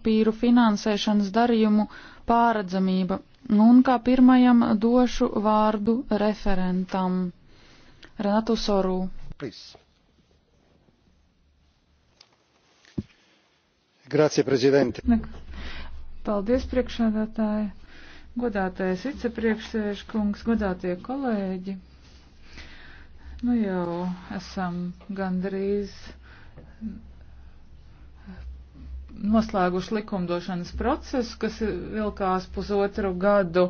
papīru finansēšanas darījumu pāredzamība. Nu, un kā pirmajam došu vārdu referentam Renatu Sorū. Please. Grazie, prezidente. Paldies, priekšādātāji, godātais vicepriekšsēžkungs, godātie kolēģi. Nu jau esam gandrīz noslēguši likumdošanas procesu, kas vilkās pusotru gadu.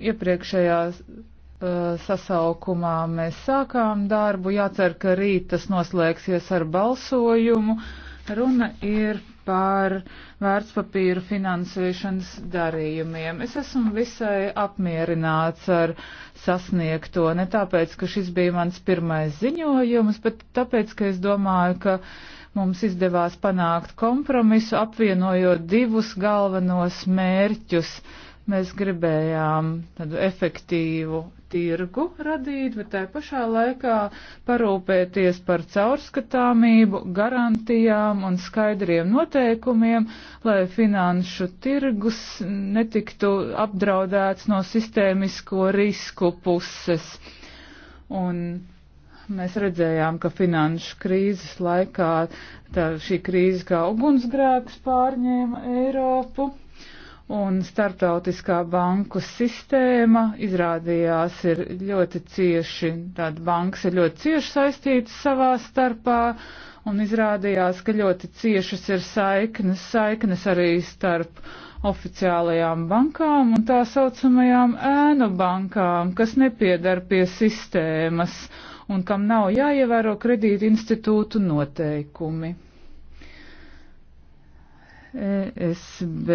Iepriekšējā uh, sasaukumā mēs sākām darbu. Jācer, ka rīt tas noslēgsies ar balsojumu. Runa ir par vērtspapīru finansēšanas darījumiem. Es esmu visai apmierināts ar sasniegto, ne tāpēc, ka šis bija mans pirmais ziņojums, bet tāpēc, ka es domāju, ka uh, Mums izdevās panākt kompromisu, apvienojot divus galvenos mērķus. Mēs gribējām tādu efektīvu tirgu radīt, bet tai pašā laikā parūpēties par caurskatāmību, garantijām un skaidriem noteikumiem, lai finanšu tirgus netiktu apdraudēts no sistēmisko risku puses. Un Mēs redzējām, ka finanšu krīzes laikā tā, šī krīze kā ugunsgrēks pārņēma Eiropu, un starptautiskā banku sistēma izrādījās ir ļoti cieši, tāda bankas ir ļoti cieši saistītas savā starpā, un izrādījās, ka ļoti ciešas ir saiknes, saiknes arī starp oficiālajām bankām un tā saucamajām ēnu bankām, kas nepiedar pie sistēmas un kam nav jāievēro kredīti institūtu noteikumi. ESB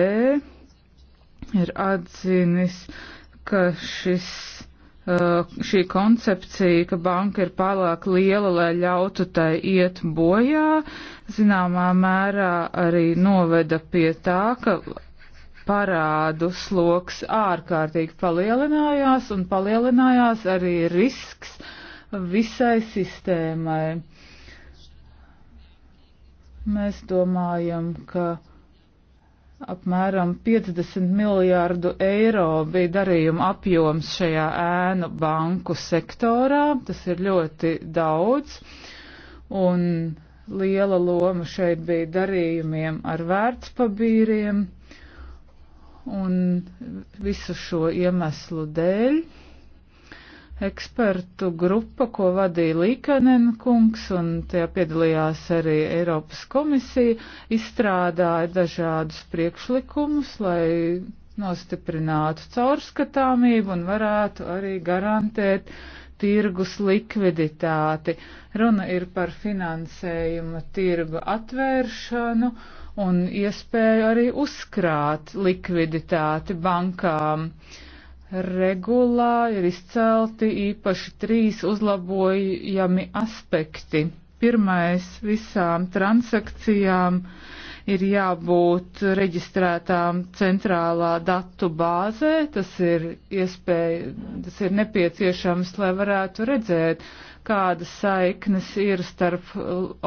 ir atzinis, ka šis, e, šī koncepcija, ka banka ir pārāk liela, lai ļautu tai iet bojā, zināmā mērā arī noveda pie tā, ka parādu sloks ārkārtīgi palielinājās un palielinājās arī risks visai sistēmai. Mēs domājam, ka apmēram 50 miljārdu eiro bija darījuma apjoms šajā ēnu banku sektorā. Tas ir ļoti daudz. Un liela loma šeit bija darījumiem ar vērtspapīriem un visu šo iemeslu dēļ ekspertu grupa, ko vadīja Līkanen kungs, un tajā piedalījās arī Eiropas komisija, izstrādāja dažādus priekšlikumus, lai nostiprinātu caurskatāmību un varētu arī garantēt tirgus likviditāti. Runa ir par finansējuma tirgu atvēršanu un iespēju arī uzkrāt likviditāti bankām. Uh, regulā ir izcelti īpaši trīs uzlabojami aspekti. Pirmais - visām transakcijām ir jābūt reģistrētām centrālā datu bāzē. Tas ir iespēja, tas ir nepieciešams, lai varētu redzēt, kādas saiknes ir starp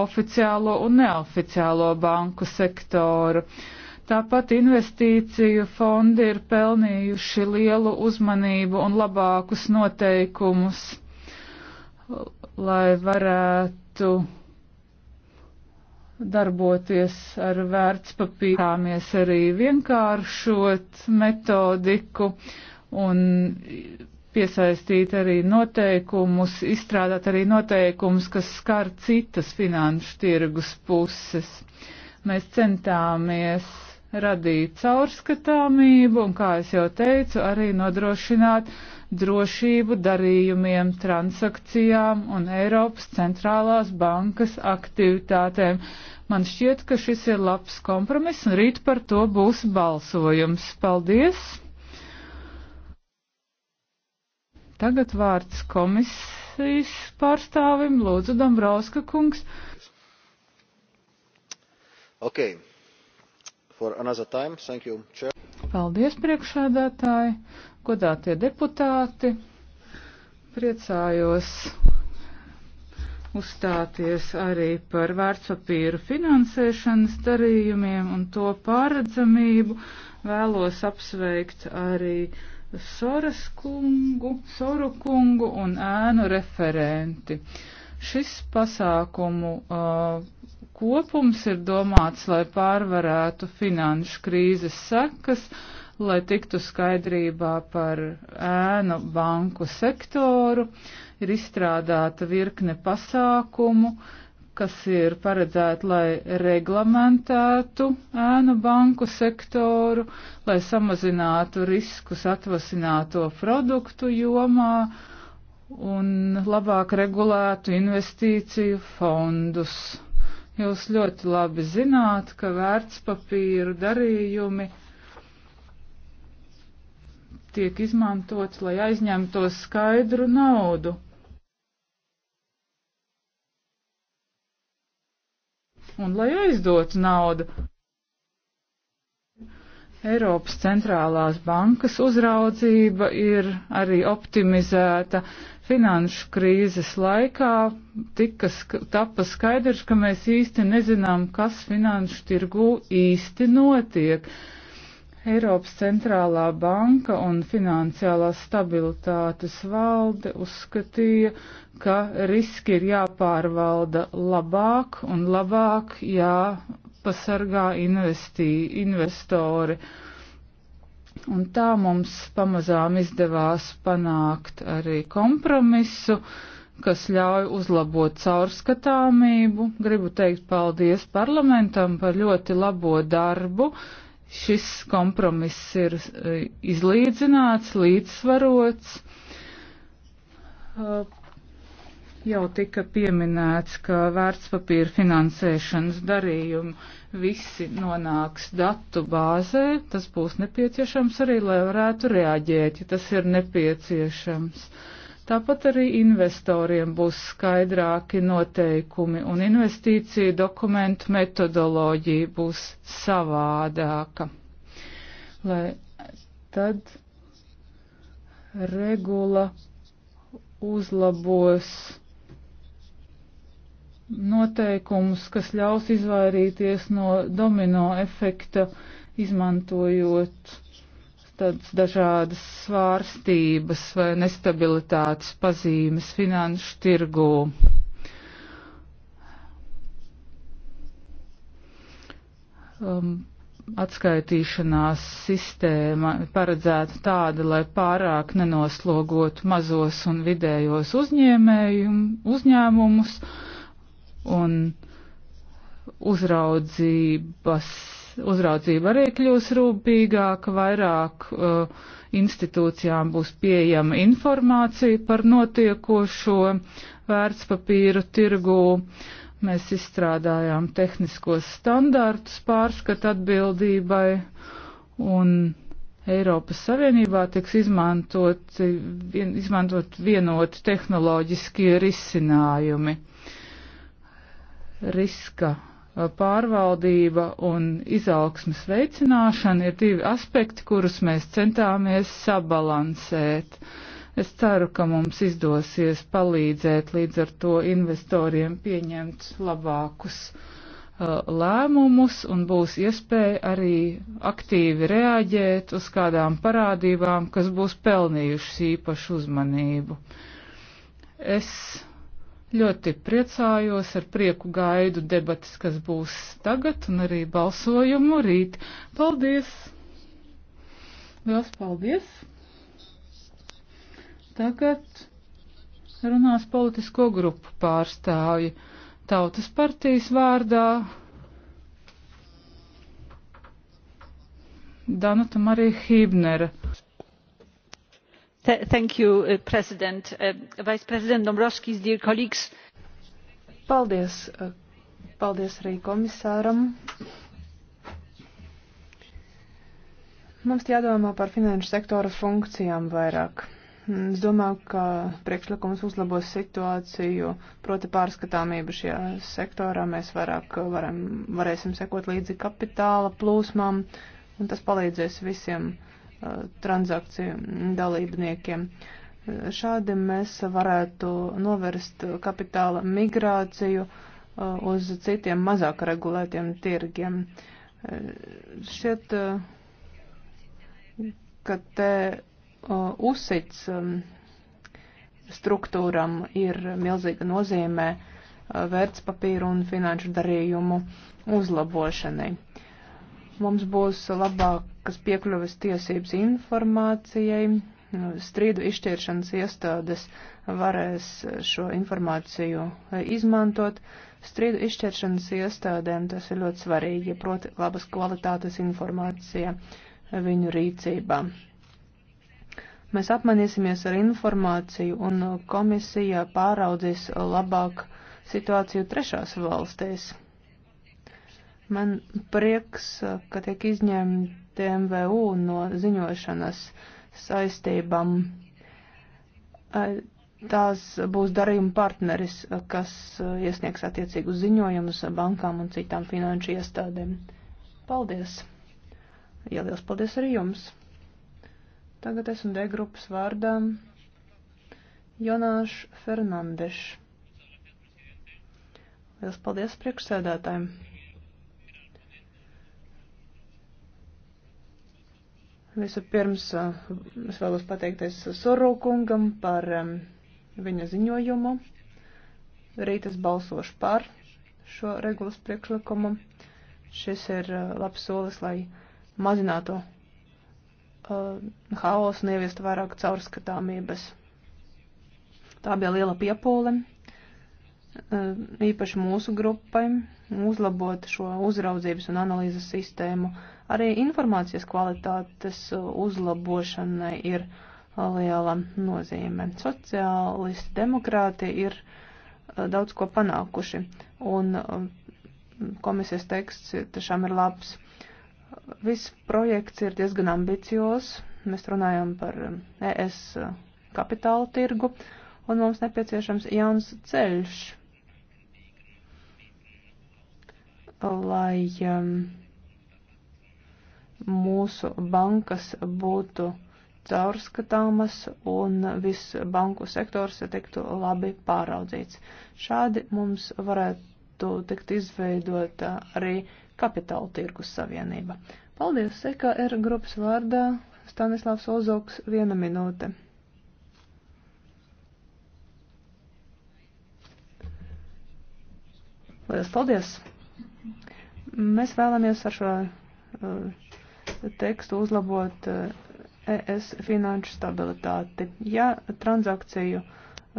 oficiālo un neoficiālo banku sektoru. Uh, Tāpat investīciju fondi ir pelnījuši lielu uzmanību un labākus noteikumus, lai varētu darboties ar vērtspapīrāmies arī vienkāršot metodiku un piesaistīt arī noteikumus, izstrādāt arī noteikumus, kas skar citas finanšu tirgus puses. Mēs centāmies radīt caurskatāmību un, kā es jau teicu, arī nodrošināt drošību darījumiem, transakcijām un Eiropas centrālās bankas aktivitātēm. Man šķiet, ka šis ir labs kompromiss un rīt par to būs balsojums. Paldies! Tagad vārds komisijas pārstāvim Lūdzu Dambrauska kungs. Okay for another time. Thank you, Chair. Paldies, priekšēdētāji, godātie deputāti. Priecājos uzstāties arī par vērtspapīru finansēšanas darījumiem un to pārredzamību. Vēlos apsveikt arī Soras kungu, Soru kungu un ēnu referenti. Šis pasākumu uh, kopums ir domāts, lai pārvarētu finanšu krīzes sekas, lai tiktu skaidrībā par ēnu banku sektoru, ir izstrādāta virkne pasākumu, kas ir paredzēti, lai reglamentētu ēnu banku sektoru, lai samazinātu riskus atvasināto produktu jomā un labāk regulētu investīciju fondus. Jūs ļoti labi zināt, ka vērtspapīru darījumi tiek izmantots, lai aizņemto skaidru naudu. Un lai aizdotu naudu. Eiropas centrālās bankas uzraudzība ir arī optimizēta finanšu krīzes laikā tika tapa skaidrs, ka mēs īsti nezinām, kas finanšu tirgū īsti notiek. Eiropas centrālā banka un finansiālās stabilitātes valde uzskatīja, ka riski ir jāpārvalda labāk un labāk jāpasargā investī, investori. Uh, Un tā mums pamazām izdevās panākt arī kompromisu, kas ļauj uzlabot caurskatāmību. Gribu teikt paldies parlamentam par ļoti labo darbu. Šis kompromiss ir e, izlīdzināts, līdzsvarots. E, Jau tika pieminēts, ka vērtspapīra finansēšanas darījumi visi nonāks datu bāzē. Tas būs nepieciešams arī, lai varētu reaģēt, ja tas ir nepieciešams. Tāpat arī investoriem būs skaidrāki noteikumi un investīciju dokumentu metodoloģija būs savādāka. Lai tad regula uzlabos noteikumus, kas ļaus izvairīties no domino efekta, izmantojot tādas dažādas svārstības vai nestabilitātes pazīmes finanšu tirgū. Um, atskaitīšanās sistēma paredzēta tāda, lai pārāk nenoslogotu mazos un vidējos uzņēmējumus, uzņēmumus, un uzraudzības, uzraudzība arī kļūs rūpīgāka, vairāk uh, institūcijām būs pieejama informācija par notiekošo vērtspapīru tirgū. Mēs izstrādājām tehniskos standārtus pārskat atbildībai un Eiropas Savienībā tiks izmantot, vien, izmantot vienoti tehnoloģiskie risinājumi riska pārvaldība un izaugsmas veicināšana ir divi aspekti, kurus mēs centāmies sabalansēt. Es ceru, ka mums izdosies palīdzēt līdz ar to investoriem pieņemt labākus uh, lēmumus un būs iespēja arī aktīvi reaģēt uz kādām parādībām, kas būs pelnījušas īpašu uzmanību. Es Ļoti priecājos, ar prieku gaidu debatas, kas būs tagad un arī balsojumu rīt. Paldies! Liels paldies! Tagad runās politisko grupu pārstāvji Tautas partijas vārdā. Danuta Marija Hībnera. You, uh, president. Uh, president paldies. Uh, paldies arī komisāram. Mums jādomā par finanšu sektora funkcijām vairāk. Es domāju, ka priekšlikums uzlabos situāciju, proti pārskatāmību šajā sektorā. Mēs vairāk varam, varēsim sekot līdzi kapitāla plūsmām, un tas palīdzēs visiem uh, transakciju dalībniekiem. Šādi mēs varētu novērst kapitāla migrāciju uh, uz citiem mazāk regulētiem tirgiem. Uh, šķiet, uh, ka te uzsits um, struktūram ir milzīga nozīme vērtspapīru un finanšu darījumu uzlabošanai. Mums būs labākas piekļuves tiesības informācijai, strīdu izšķiršanas iestādes varēs šo informāciju izmantot. Strīdu izšķiršanas iestādēm tas ir ļoti svarīgi, proti labas kvalitātes informācija viņu rīcībā. Mēs apmainīsimies ar informāciju un komisija pāraudzīs labāk situāciju trešās valstīs. Man prieks, ka tiek izņemti MVU no ziņošanas saistībām. Tās būs darījuma partneris, kas iesniegs attiecīgus ziņojumus bankām un citām finanšu iestādēm. Paldies! Jā, liels paldies arī jums! Tagad es un D grupas vārdā Jonāš Fernandeš. Liels paldies priekšsēdētājiem! Vispirms es vēlos pateikties Soru kungam par viņa ziņojumu. Rīt es balsošu par šo regulas priekšlikumu. Šis ir labs solis, lai mazinātu uh, haosu un ieviestu vairāk caurskatāmības. Tā bija liela piepūle. Eh, īpaši mūsu grupai, uzlabot šo uzraudzības un analīzes sistēmu. Arī informācijas kvalitātes eh, uzlabošanai ir eh, liela nozīme. Sociālisti demokrāti ir daudz ko panākuši, un komisijas teksts tiešām ir labs. Viss projekts ir diezgan ambicios. Mēs runājam par ES e kapitāla tirgu, un mums nepieciešams jauns ceļš lai um, mūsu bankas būtu caurskatāmas un viss banku sektors tiktu labi pāraudzīts. Šādi mums varētu tikt izveidota arī kapitāla tirgus savienība. Paldies, EKR grupas vārdā Stanislavs Ozoks, viena minūte. Lielas paldies! Mēs vēlamies ar šo uh, tekstu uzlabot uh, ES finanšu stabilitāti. Ja transakciju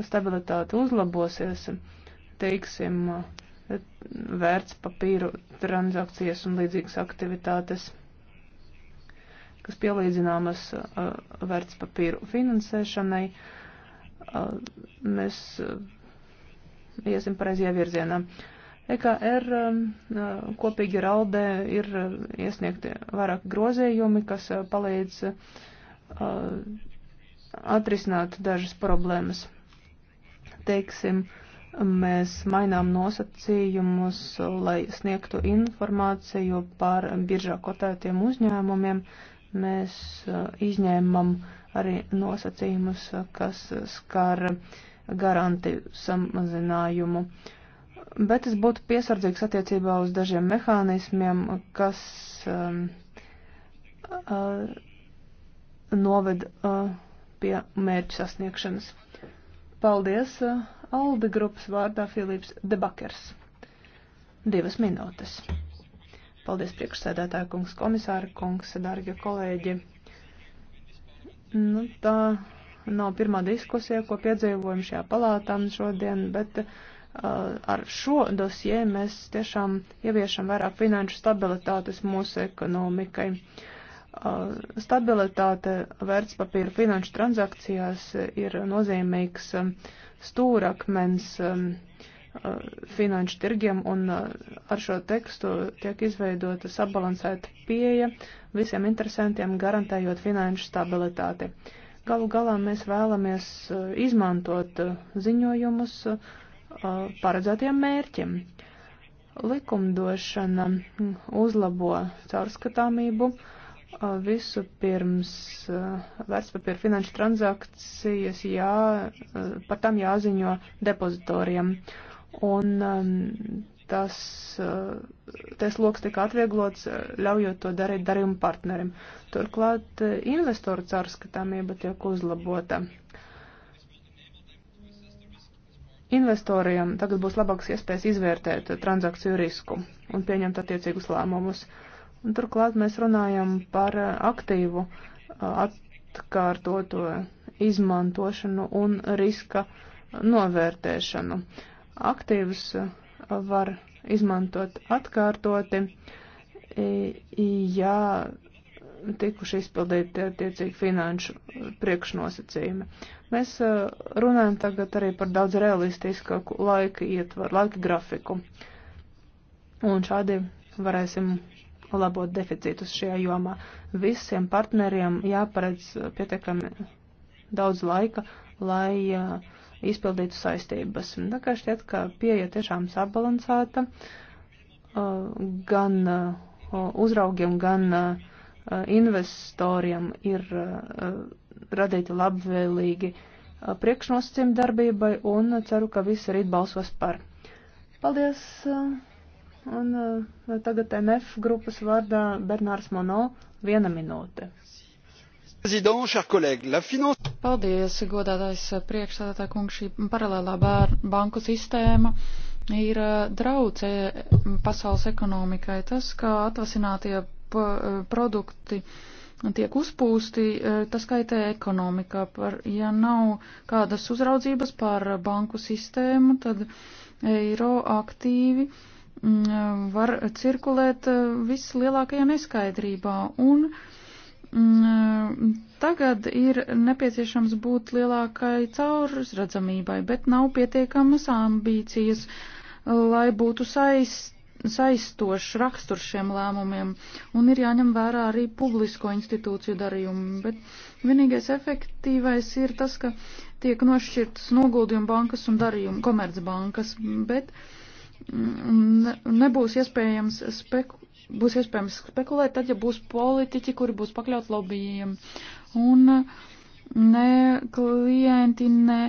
stabilitāte uzlabosies, teiksim, uh, vērts papīru transakcijas un līdzīgas aktivitātes, kas pielīdzināmas vērts papīru finansēšanai, mēs iesim pareizajā virzienā. EKR um, uh, kopīgi ar Alde ir uh, iesniegti vairāk grozījumi, kas uh, palīdz atrisināt dažas problēmas. Teiksim, mēs mainām nosacījumus, lai sniegtu informāciju par biržā kotētiem uzņēmumiem. Mēs izņēmam arī nosacījumus, kas skar garantiju samazinājumu. Uh, bet es būtu piesardzīgs attiecībā uz dažiem mehānismiem, kas um, uh, noved uh, pie mērķu sasniegšanas. Paldies uh, Alde grupas vārdā Filips Debakers. Divas minūtes. Paldies priekšsēdētāja kungs, komisāra kungs, dargie kolēģi. Nu, tā Nav pirmā diskusija, ko piedzīvojam šajā palātā šodien, bet uh, ar šo dosie mēs tiešām ieviešam vairāk finanšu stabilitātes mūsu ekonomikai. Uh, stabilitāte vērtspapīra finanšu transakcijās ir nozīmīgs um, stūrakmens. Um, uh, finanšu tirgiem, un uh, ar šo tekstu tiek izveidota sabalansēta pieeja visiem interesantiem, garantējot finanšu stabilitāti. Galu galā mēs vēlamies eh, izmantot eh, ziņojumus eh, paredzētiem mērķiem. Likumdošana hm, uzlabo caurskatāmību, visu pirms vērtspapīra finanšu transakcijas jā, par tam jāziņo depozitoriem. Un hm, tas, eh, tas loks tika atvieglots, eh, ļaujot to darīt darījuma partnerim. Turklāt eh, investoru cārskatāmība tiek uzlabota. Investoriem tagad būs labāks iespējas izvērtēt transakciju risku un pieņemt attiecīgus lēmumus. Un turklāt mēs runājam par aktīvu atkārtoto izmantošanu un riska novērtēšanu. Aktīvs uh, var izmantot atkārtoti, ja tikuši izpildīti attiecīgi finanšu priekšnosacījumi. Mēs e, runājam tagad arī par daudz realistiskāku laika ietvaru, laika grafiku. Un šādi varēsim labot deficītus šajā jomā. Visiem partneriem jāparedz pietiekami daudz laika, lai uh, izpildītu saistības. Tā kā šķiet, ka pieeja tiešām sabalansēta uh, gan uh, uzraugiem, gan uh, investoriem ir radīti labvēlīgi priekšnosacījumi darbībai un ceru, ka visi rīt balsos par. Paldies! Un tagad MF grupas vārdā Bernārs Mono, viena minūte. Président, chers collègues, la finance... Paldies, godātais priekšsēdētā kungs, šī paralēlā bār, banku sistēma ir drauds pasaules ekonomikai. Tas, kā atvasinātie produkti tiek uzpūsti, tas kaitē ekonomikā. Par, ja nav kādas uzraudzības par banku sistēmu, tad eiro aktīvi var cirkulēt vislielākajā neskaidrībā. Un, uh, Mm, eh, tagad ir nepieciešams būt lielākai caurredzamībai, bet nav pietiekamas ambīcijas, lai būtu saist, saistošs raksturs šiem lēmumiem, un ir jāņem vērā arī publisko institūciju darījumi. Bet vienīgais efektīvais ir tas, ka tiek nošķirtas noguldījuma bankas un darījuma komercbankas, bet mm, nebūs iespējams speku būs iespējams spekulēt, tad, ja būs politiķi, kuri būs pakļaut lobbyiem. Un ne klienti, ne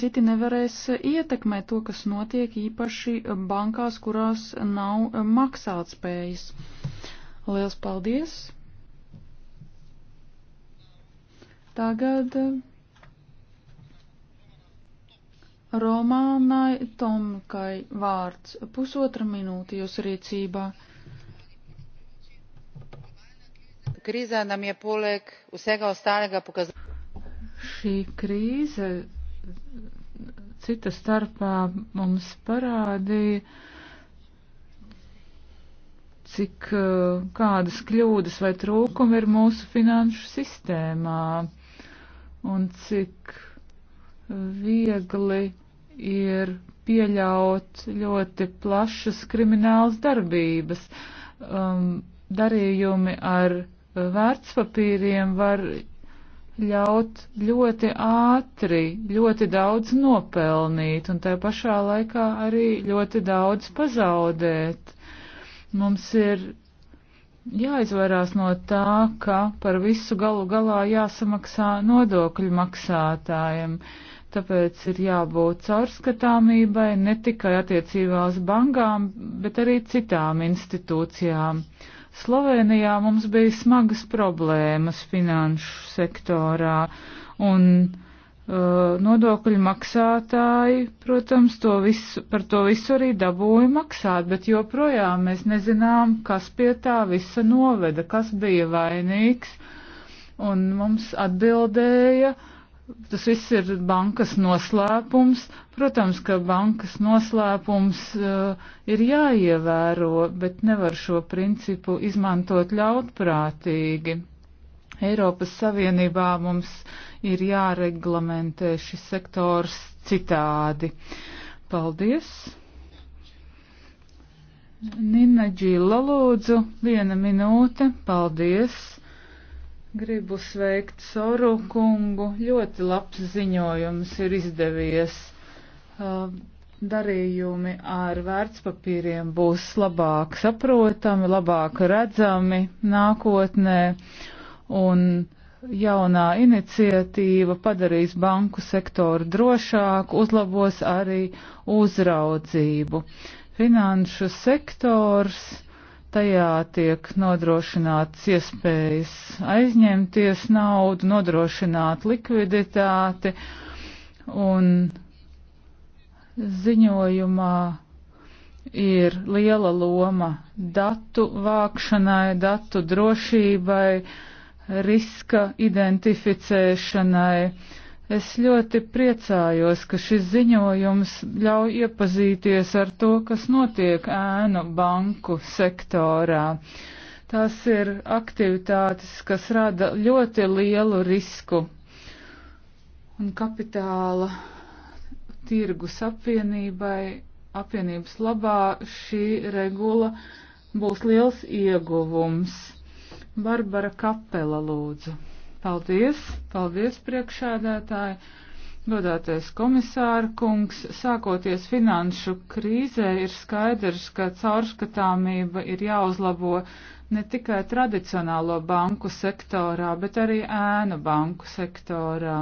citi nevarēs ietekmēt to, kas notiek īpaši bankās, kurās nav maksātspējas. Liels paldies! Tagad Romānai Tomkai vārds pusotra minūte jūsu rīcībā. kriza nam je poleg vsega ostalega pokazala. Šī krīze cita starpā mums parādīja, cik uh, kādas kļūdas vai trūkumi ir mūsu finanšu sistēmā un cik uh, viegli ir pieļaut ļoti plašas kriminālas darbības, um, darījumi ar vērtspapīriem var ļaut ļoti ātri, ļoti daudz nopelnīt un tā pašā laikā arī ļoti daudz pazaudēt. Mums ir jāizvairās no tā, ka par visu galu galā jāsamaksā nodokļu maksātājiem. Tāpēc ir jābūt caurskatāmībai ne tikai attiecībā uz bankām, bet arī citām institūcijām. Uh, Slovenijā mums bija smagas problēmas finanšu sektorā, un uh, nodokļu maksātāji, protams, to visu, par to visu arī dabūja maksāt, bet joprojām mēs nezinām, kas pie tā visa noveda, kas bija vainīgs, un mums atbildēja, uh, Tas viss ir bankas noslēpums. Protams, ka bankas noslēpums uh, ir jāievēro, bet nevar šo principu izmantot ļautprātīgi. Eiropas Savienībā mums ir jāreglamentē šis sektors citādi. Paldies! Nina Džila lūdzu, viena minūte, paldies! Gribu sveikt Soru kungu. Ļoti labs ziņojums ir izdevies. Uh, darījumi ar vērtspapīriem būs labāk saprotami, labāk redzami nākotnē, un jaunā iniciatīva padarīs banku sektoru drošāku, uzlabos arī uzraudzību. Finanšu sektors Tajā tiek nodrošināts iespējas aizņemties naudu, nodrošināt likviditāti un ziņojumā ir liela loma datu vākšanai, datu drošībai, riska identificēšanai Es ļoti priecājos, ka šis ziņojums ļauj iepazīties ar to, kas notiek ēnu banku sektorā. Tās ir aktivitātes, kas rada ļoti lielu risku. Un kapitāla tirgus apvienībai, apvienības labā šī regula būs liels ieguvums. Barbara Kapela lūdzu. Paldies, paldies priekšēdētāji. Godātais komisāra kungs, sākoties finanšu krīzē, ir skaidrs, ka caurskatāmība ir jāuzlabo ne tikai tradicionālo banku sektorā, bet arī ēnu banku sektorā.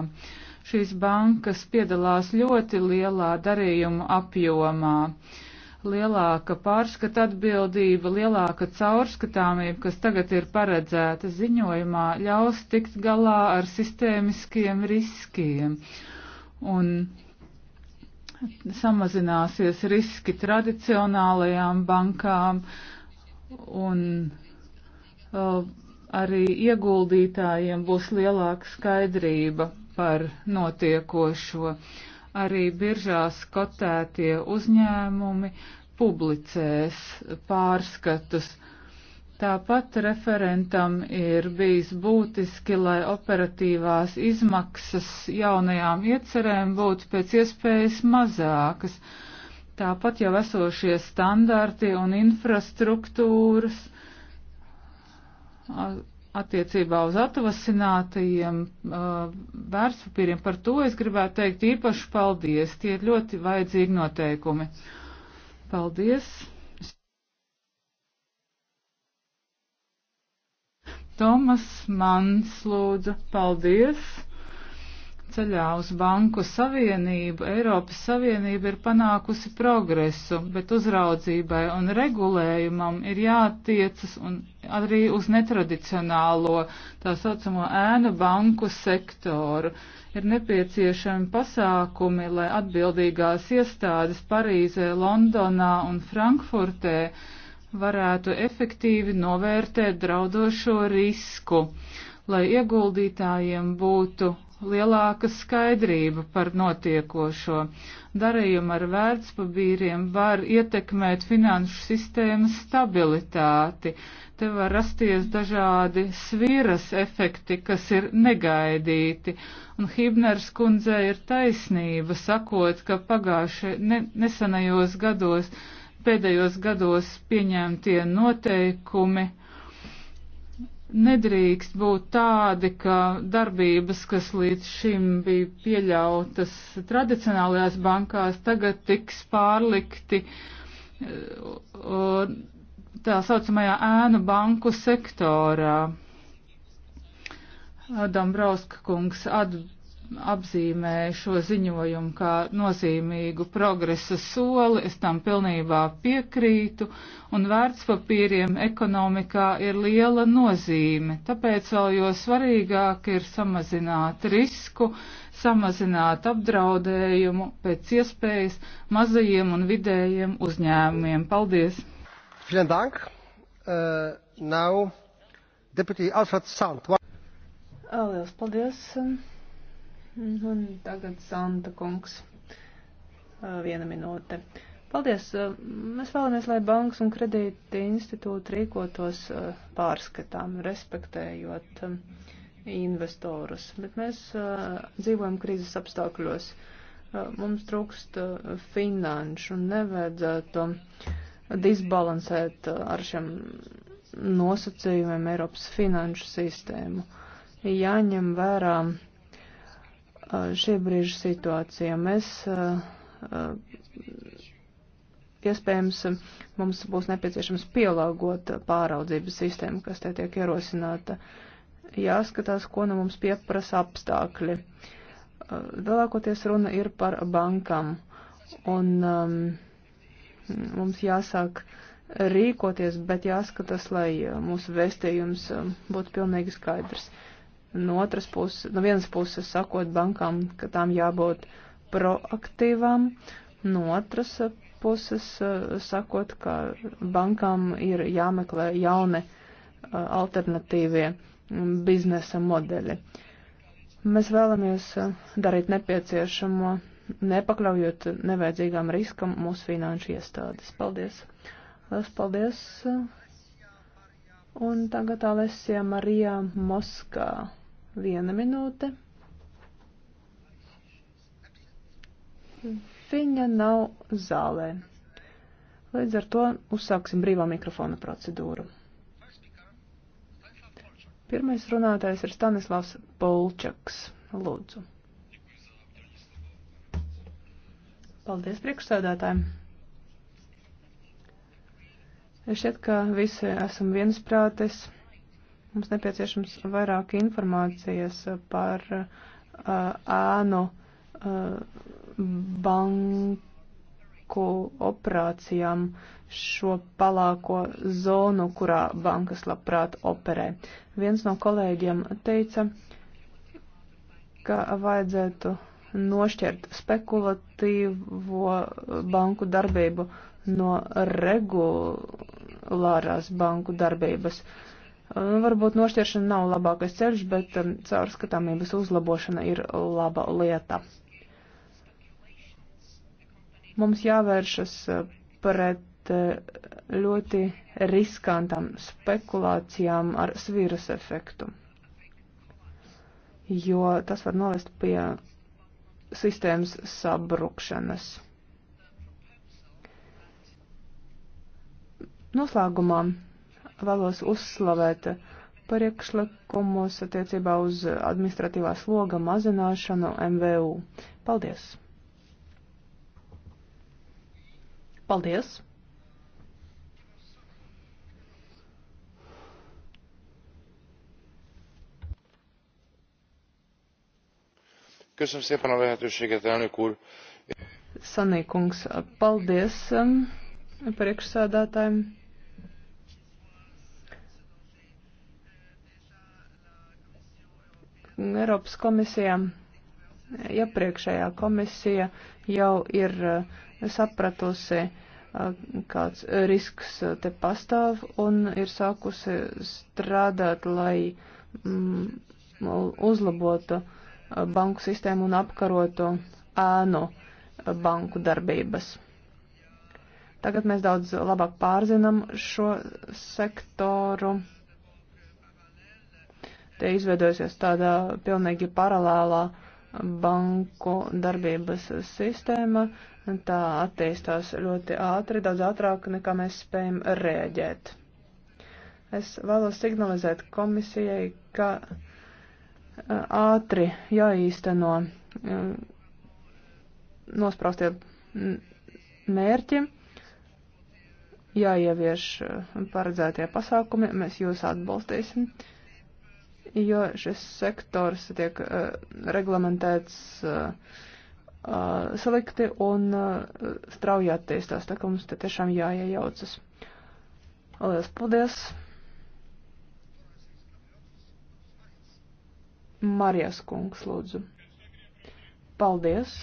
Šīs bankas piedalās ļoti lielā darījumu apjomā. Uh, lielāka pārskata atbildība, lielāka caurskatāmība, kas tagad ir paredzēta ziņojumā, ļaus tikt galā ar sistēmiskiem riskiem. Un samazināsies riski tradicionālajām bankām un uh, arī ieguldītājiem būs lielāka skaidrība par notiekošo. Uh, arī biržās kotētie uzņēmumi publicēs pārskatus. Tāpat referentam ir bijis būtiski, lai operatīvās izmaksas jaunajām iecerēm būtu pēc iespējas mazākas. Tāpat jau esošie standarti un infrastruktūras attiecībā uz atvasinātajiem uh, vērtspapīriem. Par to es gribētu teikt īpaši paldies. Tie ir ļoti vajadzīgi noteikumi. Paldies. Tomas Mans lūdzu. Paldies. Ceļā uz Banku Savienību Eiropas Savienība ir panākusi progresu, bet uzraudzībai un regulējumam ir jātiecas un arī uz netradicionālo tā saucamo ēnu banku sektoru. Ir nepieciešami pasākumi, lai atbildīgās iestādes Parīzē, Londonā un Frankfurtē varētu efektīvi novērtēt draudošo risku, lai ieguldītājiem būtu lielāka skaidrība par notiekošo. Darījumi ar vērtspapīriem var ietekmēt finanšu sistēmas stabilitāti. Te var rasties dažādi sviras efekti, kas ir negaidīti. Un Hibners kundze ir taisnība sakot, ka pagājušie ne, nesanajos gados, pēdējos gados pieņemtie noteikumi Nedrīkst būt tādi, ka darbības, kas līdz šim bija pieļautas tradicionālajās bankās, tagad tiks pārlikti eh, tā saucamajā ēnu banku sektorā. Dombrovska kungs atbildēja apzīmē šo ziņojumu kā nozīmīgu progresa soli, es tam pilnībā piekrītu, un vērtspapīriem ekonomikā ir liela nozīme, tāpēc vēl jo svarīgāk ir samazināt risku, samazināt apdraudējumu pēc iespējas mazajiem un vidējiem uzņēmumiem. Paldies! Vielen Dank. Uh, now, Deputy Alfred Sant. Lielas paldies. Uh, Un tagad Santa kungs. Viena minūte. Paldies! Mēs vēlamies, lai bankas un kredīti institūti rīkotos eh, pārskatām, respektējot eh, investorus. Bet mēs eh, dzīvojam krīzes apstākļos. Mums trūkst finanšu un nevajadzētu disbalansēt ar šiem nosacījumiem Eiropas finanšu sistēmu. Jāņem vērā Eh, šī brīža situācija. Mēs, eh, eh, iespējams, mums būs nepieciešams pielāgot pāraudzības sistēmu, kas te tiek ierosināta. Jāskatās, ko no nu mums pieprasa apstākļi. Lielākoties runa ir par bankām, un um, mums jāsāk rīkoties, bet jāskatās, lai mūsu vēstījums būtu pilnīgi skaidrs. Uh, no otras puses, no vienas puses sakot bankām, ka tām jābūt proaktīvām, no otras puses eh, sakot, ka bankām ir jāmeklē jauni eh, alternatīvie mm, biznesa modeļi. Mēs vēlamies eh, darīt nepieciešamo, nepakļaujot nevajadzīgām riskam mūsu finanšu iestādes. Paldies! Lielas paldies! Un tagad Alesija Marija Moskā. Viena minūte. Viņa nav zālē. Līdz ar to uzsāksim brīvā mikrofona procedūru. Pirmais runātājs ir Stanislavs Polčaks. Lūdzu. Paldies priekšsēdētājiem. Es šķiet, ka visi esam viensprātes. Mums nepieciešams vairāk informācijas par uh, ēnu uh, banku operācijām šo palāko zonu, kurā bankas labprāt operē. Viens no kolēģiem teica, ka vajadzētu nošķirt spekulatīvo banku darbību no regulārās banku darbības. Uh, Nu, varbūt nošķiršana nav labākais ceļš, bet um, caurskatāmības uzlabošana ir laba lieta. Mums jāvēršas uh, pret uh, ļoti riskantām spekulācijām ar svīras efektu, jo tas var novest pie sistēmas sabrukšanas. Noslēgumā vēlos uzslavēt priekšlikumus attiecībā uz administratīvā sloga mazināšanu MVU. Paldies! Paldies! Köszönöm szépen a lehetőséget, elnök úr! Sanīkungs, paldies um, priekšsēdētājiem! Eiropas komisijā, iepriekšējā komisija jau ir eh, sapratusi, eh, kāds eh, risks te pastāv un ir sākusi strādāt, lai mm, uzlabotu banku sistēmu un apkarotu ēnu banku darbības. Tagad mēs daudz labāk pārzinām šo sektoru. Te izveidojusies tādā pilnīgi paralēlā banku darbības sistēma. Tā attīstās ļoti ātri, daudz ātrāk nekā mēs spējam rēģēt. Es vēlos signalizēt komisijai, ka ātri jāīsteno nospraustie mērķi, jāievieš paredzētie pasākumi, mēs jūs atbalstīsim. Uh, jo šis sektors tiek uh, reglamentēts uh, eh, uh, eh, slikti un uh, strauji attīstās, tā ka mums te tiešām jāiejaucas. Lielas paldies! Marijas kungs, lūdzu. Paldies!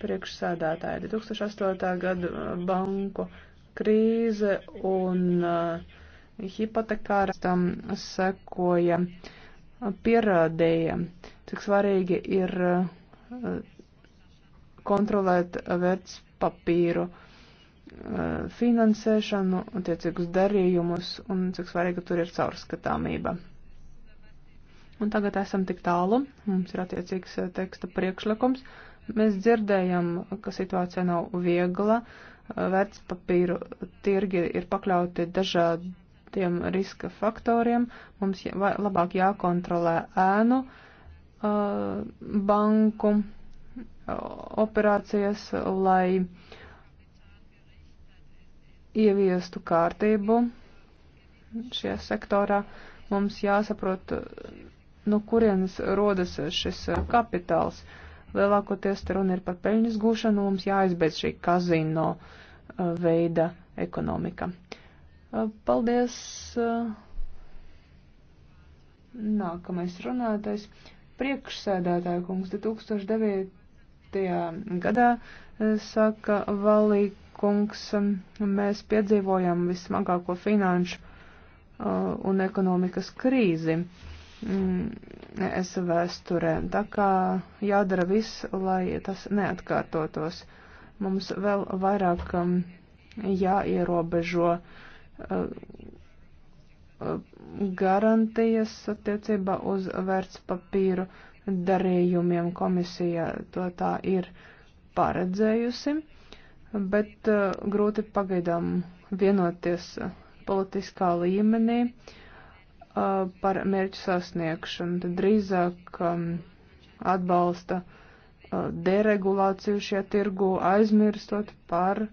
Priekšsēdētāji 2008. gadu banku krīze un uh, hipotekārs tam sekoja, pierādīja, cik svarīgi ir eh, kontrolēt vērtspapīru eh, finansēšanu, attiecīgus darījumus un cik svarīga tur ir caurskatāmība. Un tagad esam tik tālu, mums ir attiecīgs eh, teksta priekšlikums. Mēs dzirdējam, ka situācija nav viegla, vērtspapīru tirgi ir pakļauti dažādi tiem riska faktoriem. Mums labāk jākontrolē ēnu uh, banku uh, operācijas, lai ieviestu kārtību šajā sektorā. Mums jāsaprot, no kurienes rodas šis uh, kapitāls. Lielākoties te runa ir par peļņas gūšanu, mums jāizbeidz šī kazino veida ekonomika. Uh, paldies. Uh, nākamais runātais. Priekšsēdētāja kungs 2009. gadā uh, saka Valī kungs, um, mēs piedzīvojam vismagāko finanšu un ekonomikas krīzi mm, es vēsturē. Tā kā jādara viss, lai tas neatkārtotos. Mums vēl vairāk um, jāierobežo uh, garantijas attiecībā uz vērtspapīru darījumiem komisija to tā ir paredzējusi, bet uh, grūti pagaidām vienoties politiskā līmenī uh, par mērķu sasniegšanu. Tad drīzāk um, atbalsta uh, deregulāciju šajā tirgu, aizmirstot par uh,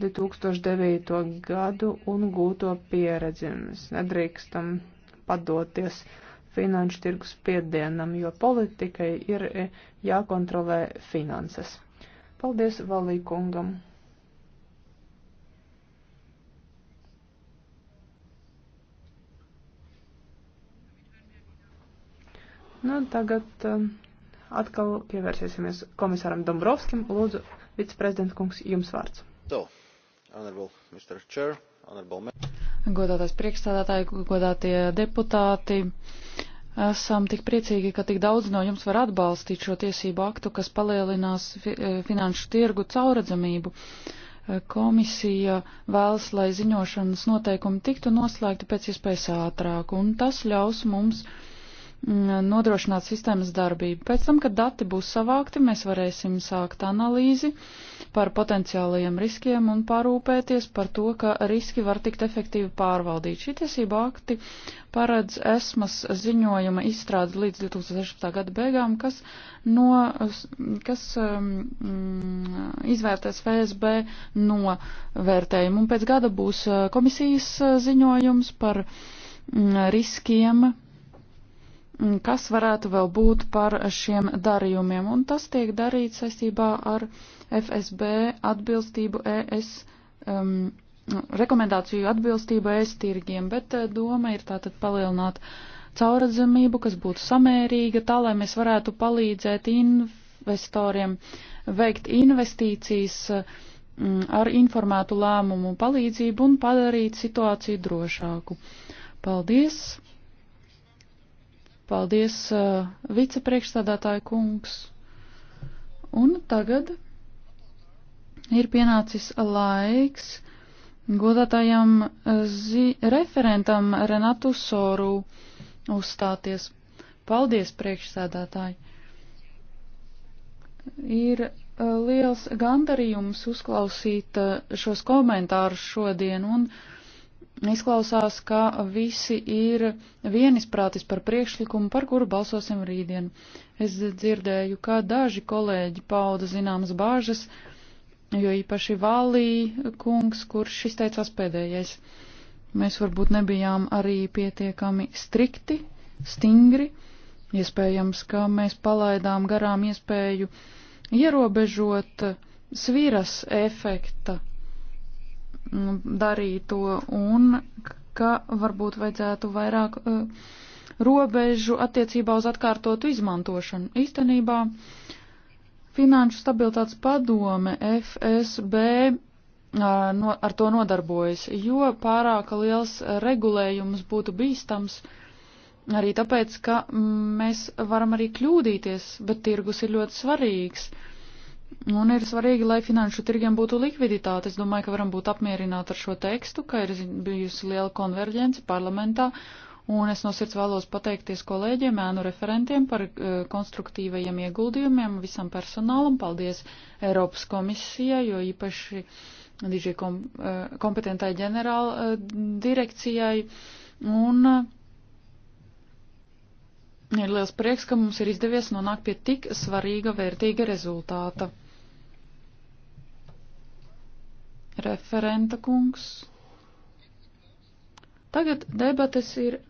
2009. gadu un gūto pieredzi. Mēs nedrīkstam padoties finanšu tirgus piedienam, jo politikai ir e, jākontrolē finanses. Paldies Valīkungam! Nu, tagad um, atkal pievērsīsimies komisāram Dombrovskim. Lūdzu, viceprezidenta kungs, jums vārds. So. Godātais priekšstādātāji, godātie deputāti, esam tik priecīgi, ka tik daudz no jums var atbalstīt šo tiesību aktu, kas palielinās fi eh, finanšu tirgu cauradzamību. Eh, komisija vēlas, lai ziņošanas noteikumi tiktu noslēgti pēc iespējas ātrāk, un tas ļaus mums uh, Mm, nodrošināt sistēmas darbību. Pēc tam, kad dati būs savākti, mēs varēsim sākt analīzi par potenciālajiem riskiem un parūpēties par to, ka riski var tikt efektīvi pārvaldīti. Šī tiesība akti paredz esmas ziņojuma izstrādi līdz 2016. gada beigām, kas, no, kas um, mm, izvērtēs FSB novērtējumu. Un pēc gada būs uh, komisijas uh, ziņojums par mm, riskiem Mm, kas varētu vēl būt par šiem darījumiem, un tas tiek darīts saistībā ar FSB atbilstību ES, um, rekomendāciju atbilstību ES tirgiem, bet eh, doma ir tātad palielināt cauradzamību, kas būtu samērīga, tā lai mēs varētu palīdzēt investoriem veikt investīcijas um, ar informētu lēmumu palīdzību un padarīt situāciju drošāku. Paldies! Paldies, uh, vicepriekšstādātāja kungs. Un tagad ir pienācis laiks godātājam uh, zi referentam Renatu Soru uzstāties. Paldies, priekšsēdētāji! Ir uh, liels gandarījums uzklausīt uh, šos komentārus šodien un uh, Izklausās, ka visi ir vienisprātis par priekšlikumu, par kuru balsosim rītdien. Es dzirdēju, ka daži kolēģi pauda zināmas bāžas, jo īpaši Valī kungs, kurš izteicās pēdējais. Mēs varbūt nebijām arī pietiekami strikti, stingri. Iespējams, ka mēs palaidām garām iespēju ierobežot svīras efekta Mm, darīto un ka varbūt vajadzētu vairāk uh, robežu attiecībā uz atkārtotu izmantošanu. Īstenībā Finanšu stabilitātes padome FSB uh, eh, no, ar to nodarbojas, jo pārāk liels regulējums būtu bīstams arī tāpēc, ka mm, mēs varam arī kļūdīties, bet tirgus ir ļoti svarīgs. Uh, Un ir svarīgi, lai finanšu tirgiem būtu likviditāte. Es domāju, ka varam būt apmierināti ar šo tekstu, ka ir bijusi liela konverģence parlamentā. Un es no sirds vēlos pateikties kolēģiem, ēnu referentiem par uh, konstruktīvajiem ieguldījumiem visam personālam. Paldies Eiropas komisijai, jo īpaši diži kom, uh, kompetentai ģenerāla uh, direkcijai. Un uh, ir liels prieks, ka mums ir izdevies nonākt pie tik svarīga, vērtīga rezultāta. referenta kungs. Tagad debates ir.